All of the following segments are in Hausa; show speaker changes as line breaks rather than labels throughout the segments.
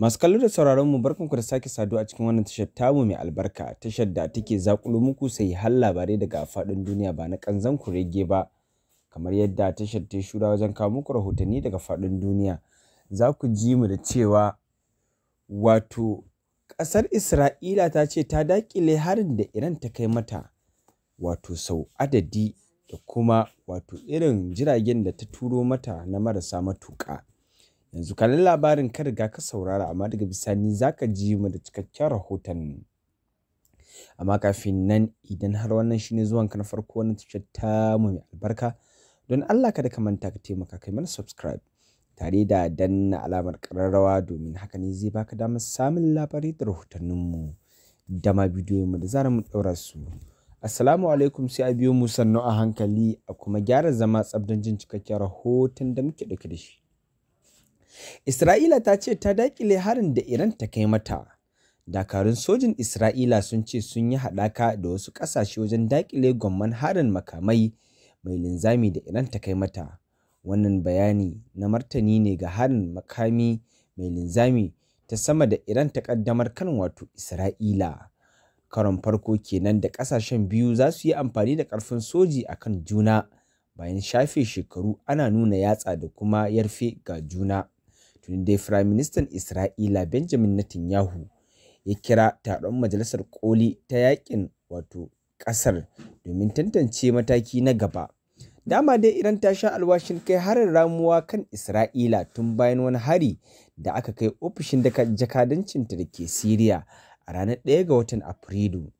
Masu kallo da sauraron mu barkanku da sake saduwa a cikin wannan tashar mu mai albarka tashar da take zakulo muku sai har labarai daga faɗin duniya ba na kanzan kurege ba kamar yadda tashar ta shura wajen kawo muku rahotanni daga fadin duniya za ku ji mu da cewa wato ƙasar Isra'ila ta ce ta daƙile harin da Iran ta kai mata wato sau adadi da kuma wato irin jiragen da ta turo mata na marasa matuƙa. Yanzu kanin labarin ka riga ka saurara amma daga bisani za ka ji mu da cikakken rahoton. Amma kafin nan idan har wannan shine zuwan ka na farko wannan tashar ta mu mai albarka don Allah kada ka manta ka taimaka kai mana subscribe. tare da danna alamar ƙararrawa domin haka ne zai baka damar samun labarai da rahotanninmu da ma bidiyoyinmu da zarar mu ɗaura su. Assalamu alaikum sai a biyo mu sannu a hankali a kuma gyara zama tsabdan jin cikakken rahoton da muke ɗauke da shi. Isra'ila ta ce ta daƙile harin da Iran ta kai mata. Dakarun sojin Isra'ila sun ce sun yi haɗaka da wasu ƙasashe wajen daƙile gwamman harin makamai mai linzami da Iran ta kai mata. wannan bayani na martani ne ga harin makami mai linzami ta sama da iran ta kaddamar kan wato isra'ila karon farko kenan da kasashen biyu za su yi amfani da karfin soji a kan juna bayan shafe shekaru ana nuna yatsa da kuma yarfe ga juna tuni dai firaministan isra'ila benjamin netanyahu ya kira taron majalisar koli ta yakin wato kasar domin tantance mataki na gaba Dama dai Iran ta sha alwashin kai harin ramuwa kan Isra'ila tun bayan wani hari da aka kai ofishin jakadancinta da ke Siriya a ranar 1 ga watan Afrilu.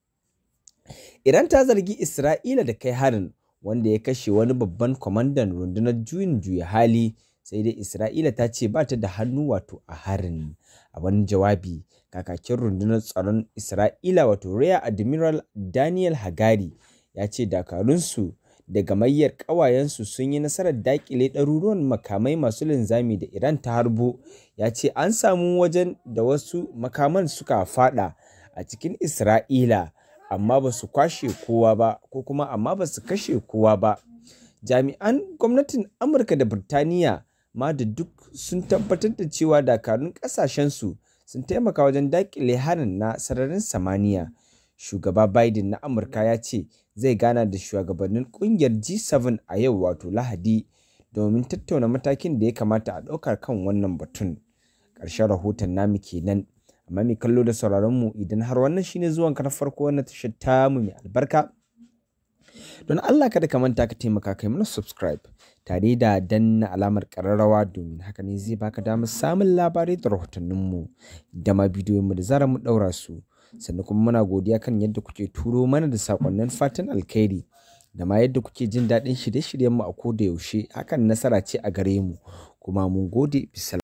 Iran ta zargi Isra'ila da kai harin wanda ya kashe wani babban kwamandan rundunar juyin juya hali sai dai Isra'ila ta ce ba ta da hannu wato a harin. A wani jawabi, kakakin rundunar tsaron Isra'ila wato Rear Admiral Daniel Hagari ya ce dakarunsu da gamayyar ƙawayensu sun yi nasarar daƙile ɗaruruwan makamai masu linzami da Iran ta harbo ya ce an samu wajen da wasu makaman suka faɗa a cikin Isra'ila amma ba su kwashe kowa ba ko kuma amma ba su kashe kowa ba. Jami'an gwamnatin Amurka da Birtaniya ma da duk sun tabbatar da cewa dakarun ƙasashensu sun taimaka wajen daƙile harin na sararin samaniya. Shugaba Biden na Amurka ya ce zai gana da shugabannin kungiyar G7 a yau wato Lahadi domin tattauna matakin da ya kamata a ɗaukar kan wannan batun. Ƙarshen rahoton namu kenan. Amma mai kallo da sauraron mu idan har wannan shine zuwan ka na farko na tashar ta mu mai albarka. Don Allah kada ka manta ka taimaka kai mana subscribe tare da danna alamar ƙararrawa domin haka ne zai baka damar samun labarai da rahotanninmu da ma bidiyoyinmu da zarar mu ɗaura su. sannan kuma muna godiya kan yadda kuke turo mana da sakonnin fatan alkhairi da ma yadda kuke jin daɗin shirye-shiryenmu a ko da yaushe hakan nasara ce a gare mu kuma mun gode bisa